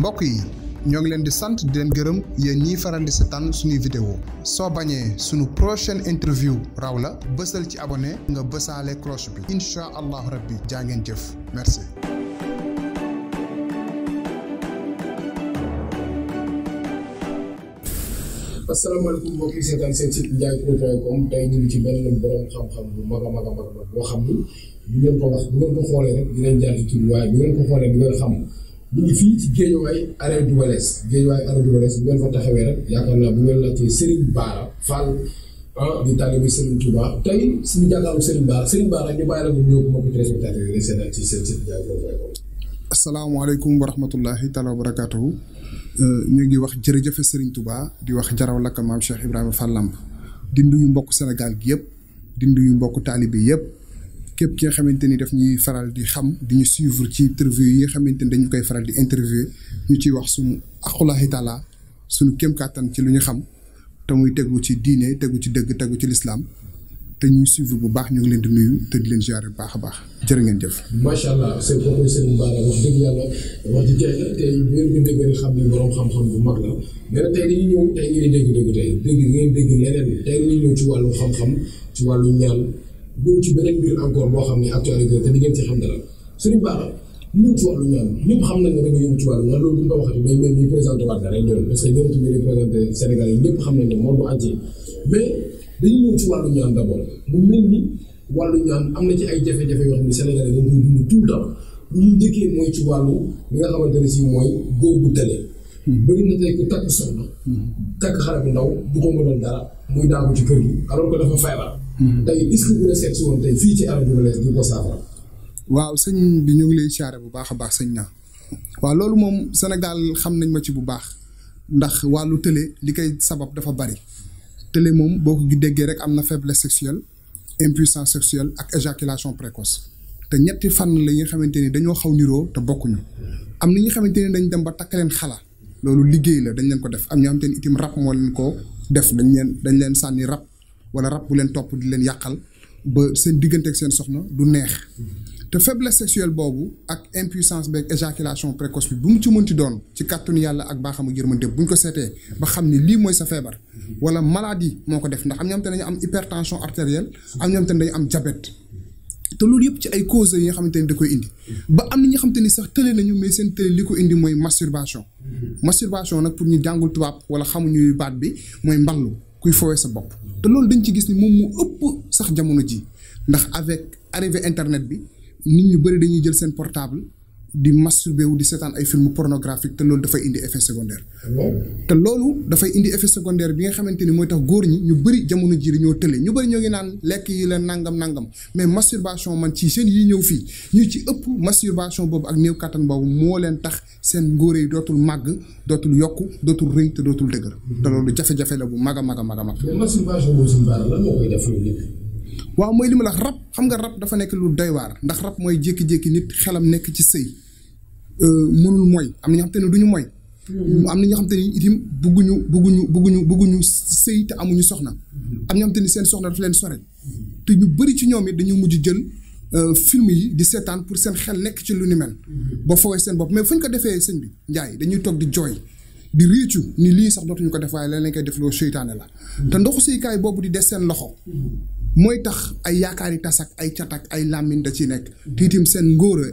mbokk yi ñoo ngi leen di sant di leen gërëm yéen ñiy faral di seetaan suñuy vidéo soo bañee suñu prochaine interview raw la bësal ci abone nga bësaale cloche bi incha allahu rabbi jaa ngeen jëf merci asalaamaaleykum mbokk ñu ngi fii ci Géejawaay arrêt du Wales Géejawaay arrêt du Wales bu ngeen fa taxawee rek yaakaar naa bu ngeen laajtee Serigne Bara Fall ah di taalibu Serigne tey suñu jàkkaarloo Serigne Bara Serigne Bara ci seen site jaajëfal. asalaamaaleykum wa rahmatullahi euh, ñu ngi wax jërëjëf sëriñ Touba di wax jaraw lakk maam Cheikh Ibrahima Fall Lamp di nuyu mbokk senegal gi yëpp di nuyu mbokk taalibe yëpp. képp ki nga xamante ni daf ñuy faral di xam di ñu suivre ci interview yi nga xamante ni dañu koy faral di interviewer ñu ciy wax suñu aqulahi taala suñu kéem kàttan ci lu ñu xam te muy tegu ci diine tegu ci dëgg tegu ci lislaam te ñuy suivre bu baax ñu ngi leen di nuyu te di leen ziare bu baax a baax jër ngeen jëf. macha allah sëñ Fapal wax dëgg yàlla wax ji xam ne borom xam-xam bu la mais nag ci wàllu xam ci wàllu ñaan ñëw ci beneen mbir encore boo xam ne actualité te di ngeen ci xam dara suñu baax ñu ngi ci ñëpp xam nañ ne da nga yëngu ci wàllu ñaan loolu bu mel ni présenté waat na rek doon parce que jërëjëf ñu représenté Sénégal yi ñëpp xam nañ ne bu wàllu ñaan d' mel ni wàllu ñaan am na ci ay jafe-jafe yoo xam ne Sénégal yi dañ koy dund tout le temps bu mooy ci wàllu li nga xamante ne si mooy góobu télé bëri na tey ku takk soxna takk xale bu ndaw du ko dara muy daagu ci kër yi alors que dafa feebar Mm-hmm. tey est-ce que bu la seet si woon waaw sëñ bi ñu ngi lay bu baax a baax sëñ naa waaw loolu moom Sénégal xam nañ ma ci bu baax ndax wàllu télé li koy sabab dafa bari télé moom boo ko déggee rek am na faiblesse sexuelle impuissance sexuelle ak éjaculation précoce te ñetti fànn la yi xamante ni dañoo xaw niroo te bokkuñu am na ñi nga xamante ni dañ dem ba takk leen xala loolu liggéey la dañ leen ko def am ñoo xamante ni itam rab moo leen ko def dañ leen dañ leen sànni rab. wala rab bu leen topp di leen yàqal ba seen diggante ak seen soxna du neex te faiblesse sexuelle boobu ak impuissance beeg éjaculation précoce bi bu mu ci mënti doon ci kàttanu yàlla ak baaxamu yërmande bu ñu ko seetee ba xam ni lii mooy sa feebar wala maladie moo ko def ndax am ñoo xam te am hypertension artérielle am ñoo xam te ne dañu am diabète te loolu yëpp ci ay causes yi nga xamante ni da koy indi ba am na ñu xamante ni sax tële nañu mais seen t li ko indi mooy masturbation masturbation nag pour ñu jàngul tubaab wala xamuñu baat bi mooy mballu kuy fowee sa bopp te loolu dañ ci gis ni moom mu ëpp sax jamono ji ndax avec arrivée internet bi nit ñu bëri dañuy jël seen portable di masturbé wu di seetaan ay film pornographique te loolu dafay indi effet secondaire. Mm-hmm. te loolu dafay indi effet secondaire bi nga xamante ni mooy tax góor ñi ñu bëri jamono ji dañoo tële ñu bëri ñoo ngi naan lekk yi la nangam nangam mais masturbation man ci seen yi ñëw fii ñu ci ëpp masturbation boobu ak néew kattan boobu moo leen tax seen ngóore yi dootul màgg dootul yokk dootul rëy te dootul dëgër. Mm-hmm. te loolu jafe-jafe la bu mag a mag a a mag. mais masturbation boobu waaw mooy li ma la rab xam nga rab dafa nekk lu doy ndax rab mooy jékki-jékki xelam nekk ci sëy Euh, mënul mooy am na ñoo xam te ne duñu mooy. Mm-hmm. am na ñoo xam te ni itam bëgguñu bëgguñu bëgguñu bëgguñu sëy te amuñu soxna. Mm-hmm. am na xam te ni seen soxna daf leen sore. te ñu bëri ci ñoom it dañu mujj jël euh, film yi di seetaan pour seen xel nekk ci lu ni mel. Mm-hmm. ba foowee seen bopp mais fu ñu ko defee sëñ bi njaay dañuy toog di jooy. di réccu ni lii sax dootuñu ko def waaye leneen lañ koy def loo seytaane la te ndoxu seykaay boobu di des seen loxo mooy tax ay yaakaari tasak ay catak ay làmmiñ da ciy nekk te itam seen ngóora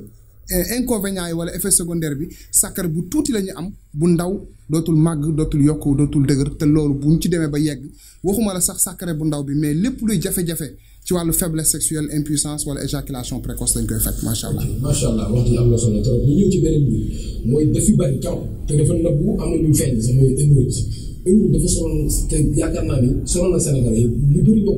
inconvénients yi wala effet secondaire bi sàkkar bu tuuti la ñu am bu ndaw dootul màgg dootul yokk dootul dëgër te loolu bu ñu ci demee ba yegg waxuma la sax sàkkare bu ndaw bi mais lépp luy jafe-jafe ci wàllu faiblesse sexuelle impuissance wala éjaculation précoce dañ koy faj macha allah. macha allah wax ji am na solo trop ñu ñëw ci beneen bi mooy daf yu bari taw te dafa nëbbu am na ñu feeñ sax mooy hémorroïde ëw dafa sonal na Sénégal yëpp lu bëri moo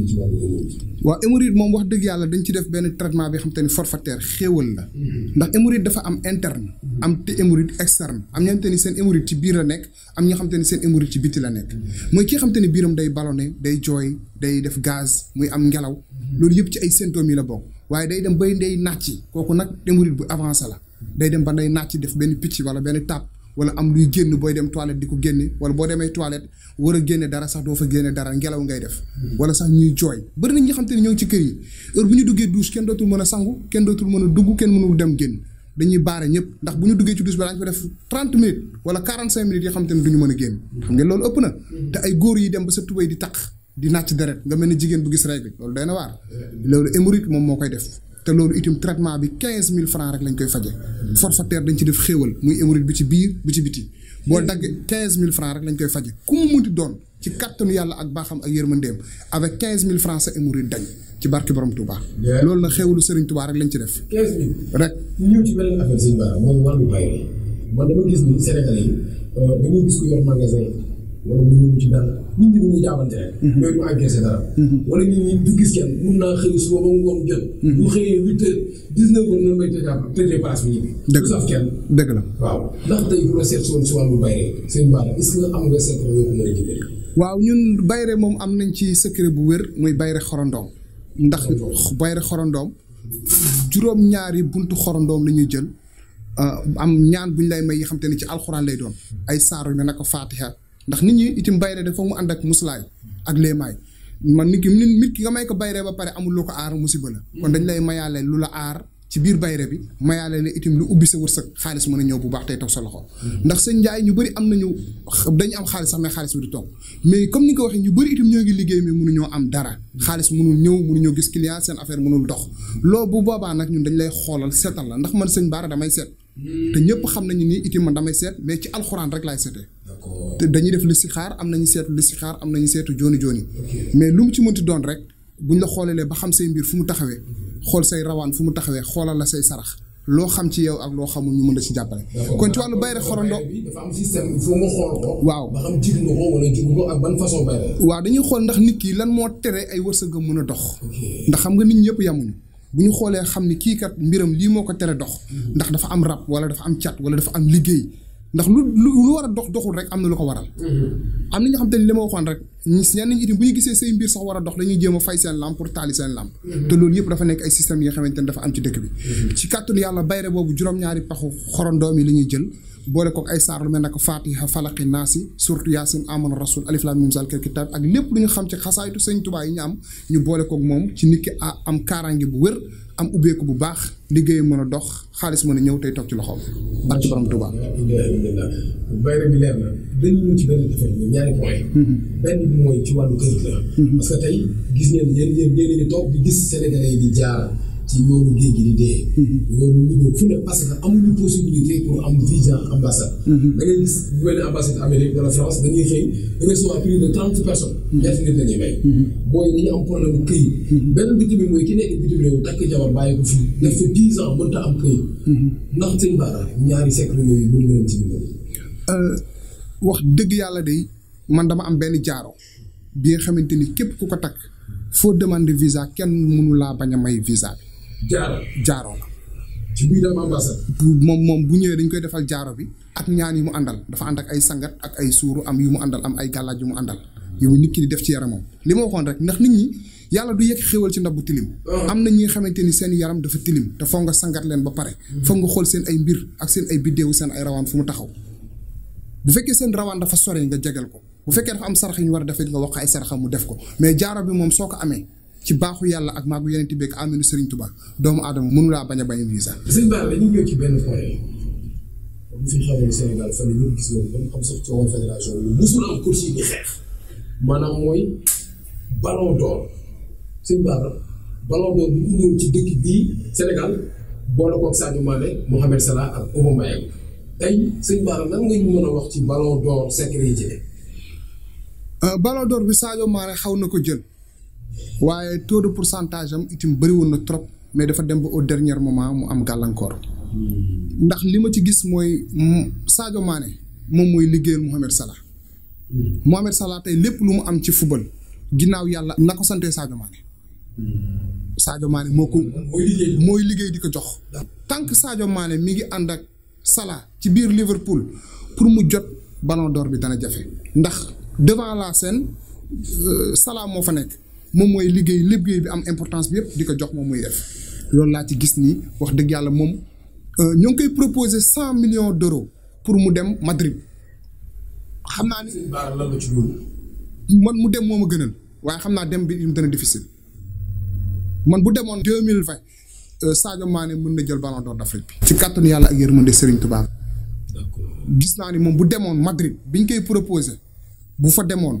mhm. waaw hémorroïde moom wax dëgg yàlla dañ ci def benn traitement bi xam te ni forfaitaire xéewal la mhm. ndax hémorroïde dafa am interne mhm. am te hémorroïde externe am ñoo xam ni seen hémorroïde ci biir la nekk am ñoo xam ni seen hémorroïde ci biti la nekk mooy kii xam te ni biiram day ballonné day jooy day def gaz muy am ngelaw loolu yëpp ci ay symptômes yi la bokk waaye day dem bay day nàcc kooku nag hémorroïde bu avancé la day dem ba day nàcc def benn picc wala benn tàpp wala am luy génn booy dem toilette di ko génne wala boo demee toilette war a génne dara sax doo fa génne dara ngelaw ngay def. wala sax ñuy jooy bëri na ñi nga te ne ñoo ci kër yi heure bu ñu duggee douche kenn dootul mën a sangu kenn dootul mën a dugg kenn mënul dem génn dañuy baare ñëpp ndax bu ñu duggee ci douche ba daañu fa def 30 minutes wala xam te ne mën a génn. xam ngeen loolu ëpp na. te ay góor yi dem ba sa tubéy di taq di nàcc deret nga mel ni jigéen bu gis règle loolu day na waar. loolu hémorroïde moom moo koy def te loolu itam traitement bi quinze mille francs rek lañ koy faje forfaitaire dañ ci def xéewal muy hémorroïde bi ci biir bi ci biti boo daggee quinze mille francs rek lañ koy faje ku mu munti doon ci kattanu yàlla ak baaxam ak yërmandeem avec quinze mille francs sa hémorroïde dañ ci barki borom Touba. loolu la xéewalu Serigne Touba rek lañ ci def. quinze rek. ñu ñëw ci beneen affaire Serigne Bara mooy wàllu bayre man dama gis ni Sénégalais yi dañoo gis ko yor magasin wala ñu ñëw ci wala nit mm-hmm. mm-hmm. gis kenn mun naa xëy mm-hmm. bi ñibbi. dëgg la kenn. dëgg la waaw ndax tey bu bay rek waaw ñun bayre moom am nañ ci secret bu wér muy bayre xorondoom. ndax bayre xorondoom juróom ñaari buntu xorondoom lañuy ñuy jël ah, am ñaan bu ñu lay may yi xam te ne ci alxuraan lay doon ay saaro na naka faatiha ndax nit ñi itam bayre dafa mu ànd ak muslaay ak léemaay man nit ki nit ki nga may ko bayre ba pare amul lu ko aar musiba la kon dañ lay mayaale lu la aar ci biir bayre bi mayaale la itam lu ubbi sa wërsëg xaalis mën a ñëw bu baax tey toog sa loxo ndax seen ñu bëri am nañu dañu am xaalis sax xaalis bi du toog mais comme ni nga ko waxee ñu bëri itam ñoo ngi liggéey mais mënuñoo am dara xaalis mënul ñëw mënuñoo gis client seen affaire mënul dox loolu bu boobaa nag ñun dañ lay xoolal seetal la ndax man sëñ baara damay seet te ñëpp xam nañu ni itam man damay seet mais ci alxuraan rek laay te dañuy def listixaar am nañu seetu listixaar am nañu seetu jooni jooni mais lu ci mënti doon rek buñ la xoolelee ba xam say mbir fu mu taxawee xool say rawaan fu mu taxawee xoolal la say sarax loo xam ci yow ak loo xamul ñu mën la ci jàppale. kon ci wàllu bay rek xorondo. dafa am système foo waaw ba nga ban waaw dañuy xool ndax nit kii lan moo tere ay wërsëgam mën a dox. ndax xam nga nit ñëpp yamuñu. bu ñu xoolee xam ni kii kat mbiram lii moo ko tere dox. Mm-hmm. ndax dafa am rab wala dafa am cat wala dafa am liggéey. ndax lu lu war a dox doxul rek am na lu ko waral. Mm-hmm. am na ñoo xam te ne li ma waxoon rek ñun si yenn itam bu ñu gisee say mbir sax war a dox dañuy jéem a fay seen lampe pour taali seen lampe. Mm-hmm. te loolu yëpp dafa nekk ay système yi nga xamante ne dafa am ci dëkk bi. Mm-hmm. ci kàttanu yàlla bayre boobu juróom-ñaari paxu xorondoom yi la ñuy jël boole kook ay saar lu mel nag faatiha falaqi naasi surtout yaasin amana rasul alif lam mim zaalikal kitaab ak lépp lu ñu xam ci xasaayitu sëñ Tuubaa yi ñu am ñu boole kook moom ci nit ki am kaaraange bu wér am ubbeeku bu baax liggéeyu mën a dox xaalis mën a ñëw tey toog ci loxoom. barke borom Tuubaa. bayre bi leer na dañu ñëw ci benn affaire mhm. ci wàllu këyit la. Mhm. parce gis ngeen yéen yéen yéen gis di jaar. ci yoonu géej gi di dee. yoonu mhm. ñu fu parce que amuñu possibilité pour am visa ambassade. Mhm. da ngay de trente personnes. Mhm. ñetti benn bitim bi mooy ki nekk bitim réew takk jabar bàyyi ko fii def fa dix ans mënut a am këyit. ndax seen baaraam ñaari siècle euh, wax dëgg yàlla de man dama am benn jaaro bi nga xamante ni képp ku ko takk foo demande visa kenn mënu laa bañ a may visa bi. jaaroo la. ci biir am ambassade. moom moom bu ñëwee dañ koy defal jaaro bi ak ñaan yu mu àndal dafa ànd ak ay sangat ak ay suuru am yu mu àndal am ay gàllaaj yu mu àndal. yow nit ki di def ci yaramam li ma waxoon rek ndax nit ñi yàlla du yegg xéwal ci ndab bu tilim. Ah. am na ñi xamante ni seen yaram dafa tilim te foog nga sangat ba pare. Hmm. foog nga xool seen ay mbir ak ay biddéew seen ay rawaan fu mu taxaw. bu fekkee seen dafa sore nga jegal ko bu fekkee dafa am sarax yu ñu war a def nga wax ay saraxam mu def ko mais jaaro bi moom soo ko amee ci baaxu yàlla ak maagu yeneen ti beeg aminu Serigne Touba doomu aadama mënulaa bañ a bañ Ba dañuy ñëw ci benn point bu fi xamoon sax coowal bi musul yi di xeex maanaam mooy ballon d'or sëñ Ba bi ñu ñëw ci dëkk bii Sénégal boole koog Sadio Mané Mohamed Salah ci euh, ballon d'or bi Sadio Mané xaw na ko jël. waaye taux de pourcentage am itam bëri woon na trop mais dafa dem ba au dernier moment mu am gàllankoor hmm. ndax li ma ci gis mooy saajo maane moom mooy liggéeyal Mohamed Salah hmm. Mohamed Salah tey lépp lu mu am ci football ginnaaw yàlla na ko santee Sadio Mané hmm. Sadio Mané moo ko mooy liggéey di ko jox tant que maane Mané mi ngi ànd ak Salah ci biir Liverpool pour mu jot ballon door bi dana jafe ndax devant la scène euh, salaa moo fa nekk moom mooy liggéey liggéey bi am importance bi yëpp di ko jox moom muy def loolu laa ci gis ni wax dëgg yàlla moom euh, ñoo ngi koy proposé cent millions d' pour mu dem Madrid xam naa ni man mu dem moom a gënal waaye xam naa dem bi mu dana difficile man bu demoon deux mille vingt euh, Sadio Mané mën na jël ballon d'or d'Afrique bi. ci kàttanu yàlla ak de Serigne Touba. gis naa ni moom bu demoon Madrid biñ koy proposé bu fa demoon.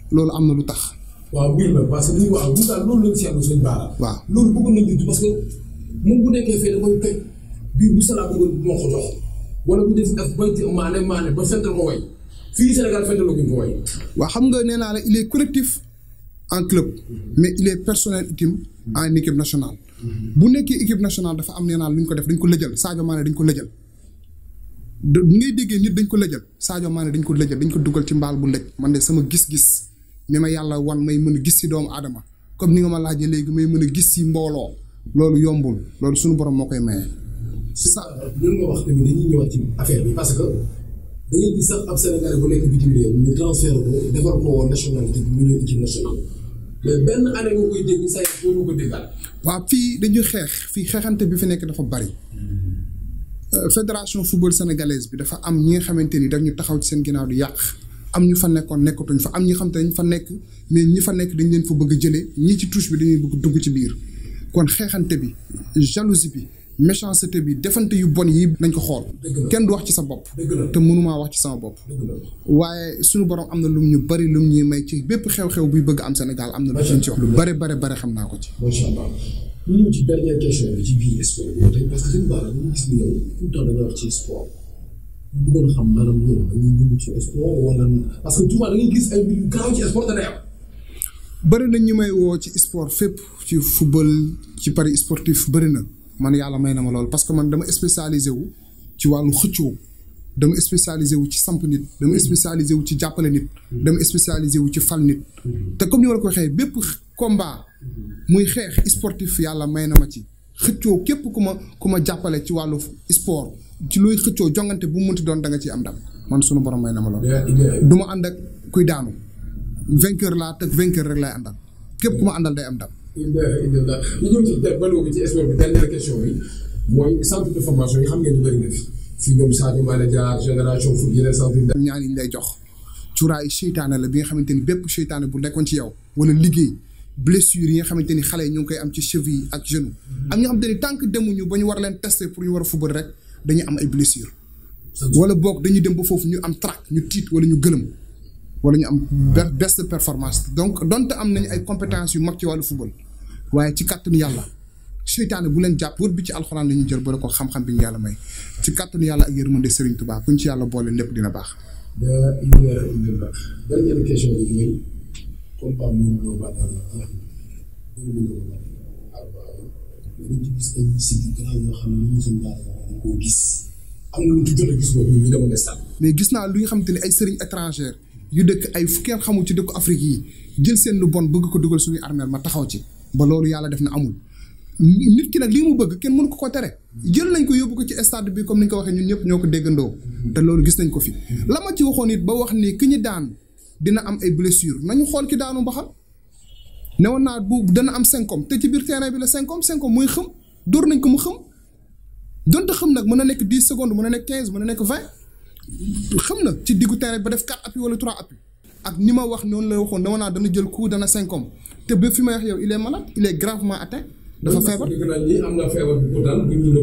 loolu am na lu tax. waaw oui la parce que dañu waaw loolu lañu si ànd suñu baaraam. waaw loolu bëggoon nañu juddu parce que moom bu nekkee fee da biir bu salaa bëggoon wala bu def daf bayti ba fental ko way fii Sénégal fental ko way. waaw xam nga nee naa la il est collectif en club mais il est personnel itam en équipe nationale. bu nekkee équipe nationale dafa am neenaa naa lu ko def dañ ko lëjal Sadio Mané dañ ko lëjal. du ngay déggee nit dañ ko lëjal Sadio Mané dañ ko lëjal dañ ko dugal ci mbaal bu lëj man de sama gis-gis. mi ma yàlla wan may mën a gis si doomu aadama comme ni nga ma laajee léegi may mën a gis si mbooloo loolu yombul loolu suñu borom moo koy maye. sa loolu nga wax tamit dañuy ñëwaat bi parce que da ngay gis sax ab Sénégalais fii dañuy xeex fii xeexante bi fi nekk dafa bari. Euh, fédération football sénégalaise bi dafa am ñi nga xamante ni dañu taxaw ci seen ginnaaw di yàq. am ñu fa nekkoon nekkatuñ fa am ñi xam te ñu fa nekk mais ñi fa nekk dañ leen fa bëgg a jëlee ñi ci touche bi dañuy bëgg dugg ci biir kon xeexante bi jalousie bi méchanceté bi defante yu bon yi nañ ko xool kenn du wax ci sa bopp te mënumaa wax ci sama bopp waaye sunu borom am na lum ñu bari lum ñuy may ci bépp xew-xew buy bëgg am Sénégal am na lu ci wax lu bari bari bari xam naa ko ci ñu ñëw ci dernière parce que sëñ Ba ñu gis ci sport bu doon xam maanaam ñoom dañuy ñëw ci sport wala parce que souvent da ngay gis ay mbir yu gaaw ci sport dana am. bëri na ñu may woo ci sport fépp ci football ci pari sportif bëri na man yàlla may na ma lool parce que man dama spécialisé wu ci wàllu xëccoo dama spécialisé wu ci samp nit dama spécialisé wu ci jàppale nit dama spécialisé wu ci fal nit te comme ni ma la ko waxee bépp combat muy xeex sportif yàlla may na ma ci xëccoo képp ku ma ku ma jàppale ci wàllu sport. ci looy xëccoo jongante bu mu munti doon danga nga ciy am ndam man sunu borom may na ma lool. du ma ànd ak kuy daanu. vainqueur laa teg vainqueur rek lay àndal képp ku day am ndam. ñu ci baloo ko ci sport bi xam ngeen ñu bëri na fi fii ñoom Sadio Mané jaar génération foot yeneen centre yi. ñaan la bi nga xamante ni bépp seytaane bu nekkoon ci yow wala liggéey. blessure yi nga xamante ni xale yi ngi koy am ci cheville ak genou am ñoo xamante demuñu ba ñu war leen tester pour ñu war a fubal rek dañuy am ay blessures. wala boog dañuy dem ba foofu ñu am track ñu tiit wala ñu gëlëm wala ñu am. best performance donc donte am nañ ay compétences yu mag ci wàllu football waaye ci kàttanu yàlla. seytaane bu leen jàpp wër bi ci alxuraan la ñu jël bëri ko xam-xam bi ñu yàlla may ci kàttanu yàlla ak yërmande Serigne Touba kuñ ci yàlla boole lépp dina baax. ba indi yàlla indi baax dernière question bi mooy comme Pape Moussa Lo Ba daal gis ay site yu grand yoo xam ne ñu ñu koo lu ci gën a gis boobu ñu demoon stade. mais gis naa lu nga xamante ne ay sëriñ étranger yu dëkk ay fu kenn xamul ci dëkku Afrique yi jël seen lu bon bëgg ko dugal suñuy armeel ma taxaw ci ba loolu yàlla def na amul. nit ki nag li mu bëgg kenn mënu ko ko tere jël nañ ko yóbbu ko ci stade bi comme ni nga ko waxee ñun ñëpp ñoo ko déggandoo te loolu gis nañ ko fi la ma ci waxoon nit ba wax nii ki ñu daan dina am ay blessure nañu xool ki daanu ba xam newoon naa bu dana am cinq te ci biir terrain bi la cinq cinq muy xëm dóor nañ ko mu xëm. donte xam nag mën na nekk dix secondes mën na nekk quinze mën na nekk vingt xam na ci diggu terrain ba def quatre appui wala trois appui ak ni ma wax noonu la waxoon dama naa dana jël coup dana cinq hommes te ba fi may wax yow il est malade il est gravement atteint. dafa feebar am ko dal ñu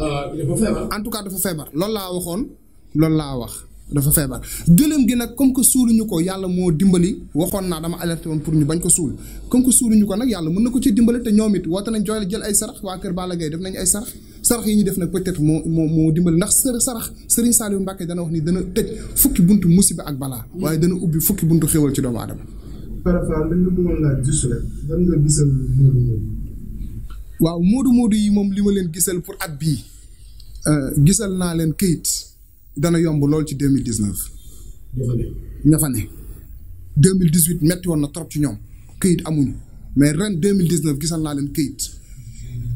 ah, tout cas dafa feebar loolu laa waxoon loolu laa wax dafa feebar dëlëm gi nag comme que suuluñu ko yàlla moo dimbali waxoon naa dama alerté woon pour ñu bañ ko suul comme que suuluñu ko nag yàlla mun na ko ci dimbali te ñoom it woote nañ jooy jël ay sarax waa Kër Balla Gaye def nañ ay sarax. sarax yi ñu def na peut-être moo moo moo dimbali ndax sër sarax Serigne Saliou Mbacké dana wax ni dana tëj fukki buntu musiba ak balaa waaye dana ubbi fukki buntu xéwal ci doomu aadama. parfois dañ la bëggoon laaj juste rek lan nga waaw moodu moodu yi moom li ma leen gisal pour at bii euh, gisal naa leen këyit dana yomb loolu ci deux mille dix neuf. ña fa ne. deux mille dix huit metti woon na trop ci ñoom këyit amuñu mais ren deux mille dix neuf gisal naa leen këyit.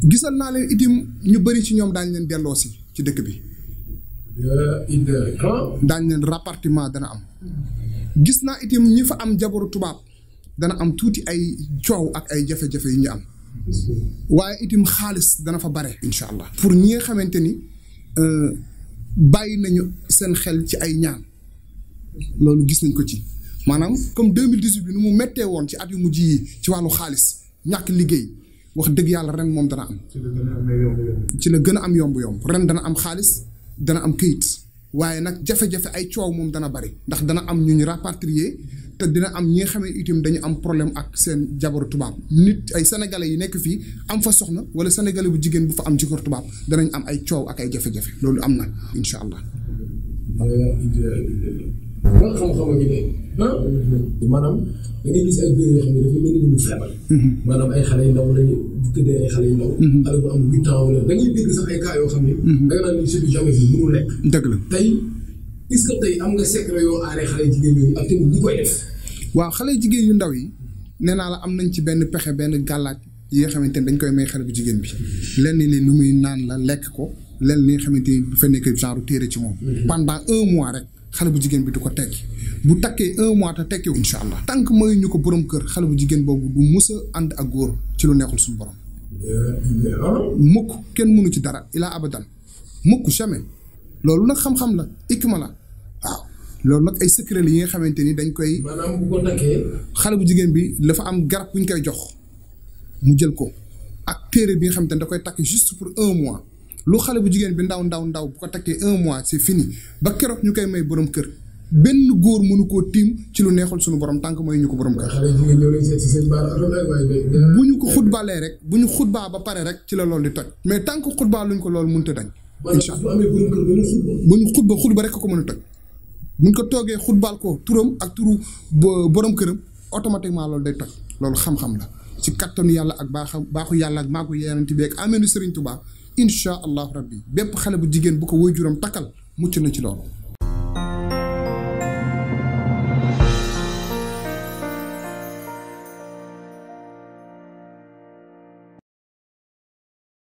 gisal naa leen itim ñu bëri ci ñoom daañu leen delloo ci dëkk bi. daañu leen rapatriement dana am. gis naa itim ñu fa am jabaru tubaab dana am tuuti ay coow ak ay jafe-jafe yu ñu am. waaye itim xaalis dana fa bare. incha allah pour ñi nga xamante ni euh, bàyyi nañu seen xel ci ay ñaan loolu gis nañ ko ci maanaam comme deux 2018 bi nu mu méttee woon ci at yu mujj yi ci wàllu xaalis ñàkk liggéey. wax dëgg yàlla ren moom dana am. ci la gën a am yombu yomb ren dana am xaalis dana am kayit waaye nag jafe-jafe ay coow moom dana bari ndax dana am ñu ñu rapatrier te dina am ñi nga xam ne itam dañu am problème ak seen jabaru tubaab nit ay sénégalais yi nekk fii am fa soxna wala sénégalais bu jigéen bu fa am jëkkër tubaab danañ am ay coow ak ay jafe-jafe loolu am na incha allah. lan xam a ngi ne ah, mhm. gis ay góor yu mhm. ndaw xale yu ndaw xale mhm. am da ngay dégg sax ay cas yoo nga naan la tey est-ce que am nga secret yoo aaree xale jigéen yooyu ak tamit ñi koy def waaw xale jigéen yu ndaw yi nee naa la am nañ ci benn pexe benn gàllaaj yi nga xamante ne dañ koy may xale bu jigéen bi lenn li lu muy naan la lekk ko lenn li nga xamante ni bu fa nekk téere ci moom pendant un mois rek xale bu jigéen bi du ko tekki bu takkee un mois te tekkiwu incha allah tànk mooy ñu ko borom kër xale bu jigéen boobu du mus ànd ak góor ci lu neexul suñu borom mukk kenn mënu ci dara ilaa abadan mukk jamais loolu nag xam-xam la ikma la waaw loolu nag ay secret yi nga xamante ni dañ koy maanaam bu xale bu jigéen bi dafa am garab bu koy jox mu jël ko ak téere bi nga xamante ne da koy takk juste pour un mois lu xale bu jigen bi ndaw ndaw ndaw bu ko takkee 1 mois c'est fini ba keroog ñu koy may borom kër benn goor mënu ko tim ci lu neexul suñu borom tank moy ñu ko borom kër. bu ñu ko xutbaalee rek buñu ñu ba paré rek ci la lool di toj mais tank que luñ ko lool mënut a dañ. incha allah bu ñu xutba xutba rek ko mëna a toj. bu ko toggé xutbaal ko turum ak turu borom kërëm automatiquement lool day toj lool xam-xam la ci kattanu yalla ak baaxu yalla ak maaku yéenante bi ak amenu Serigne Touba ان شاء الله ربي بيب خالي بو جيجين بوكو ويجورم تاكال موتشي نتي لولو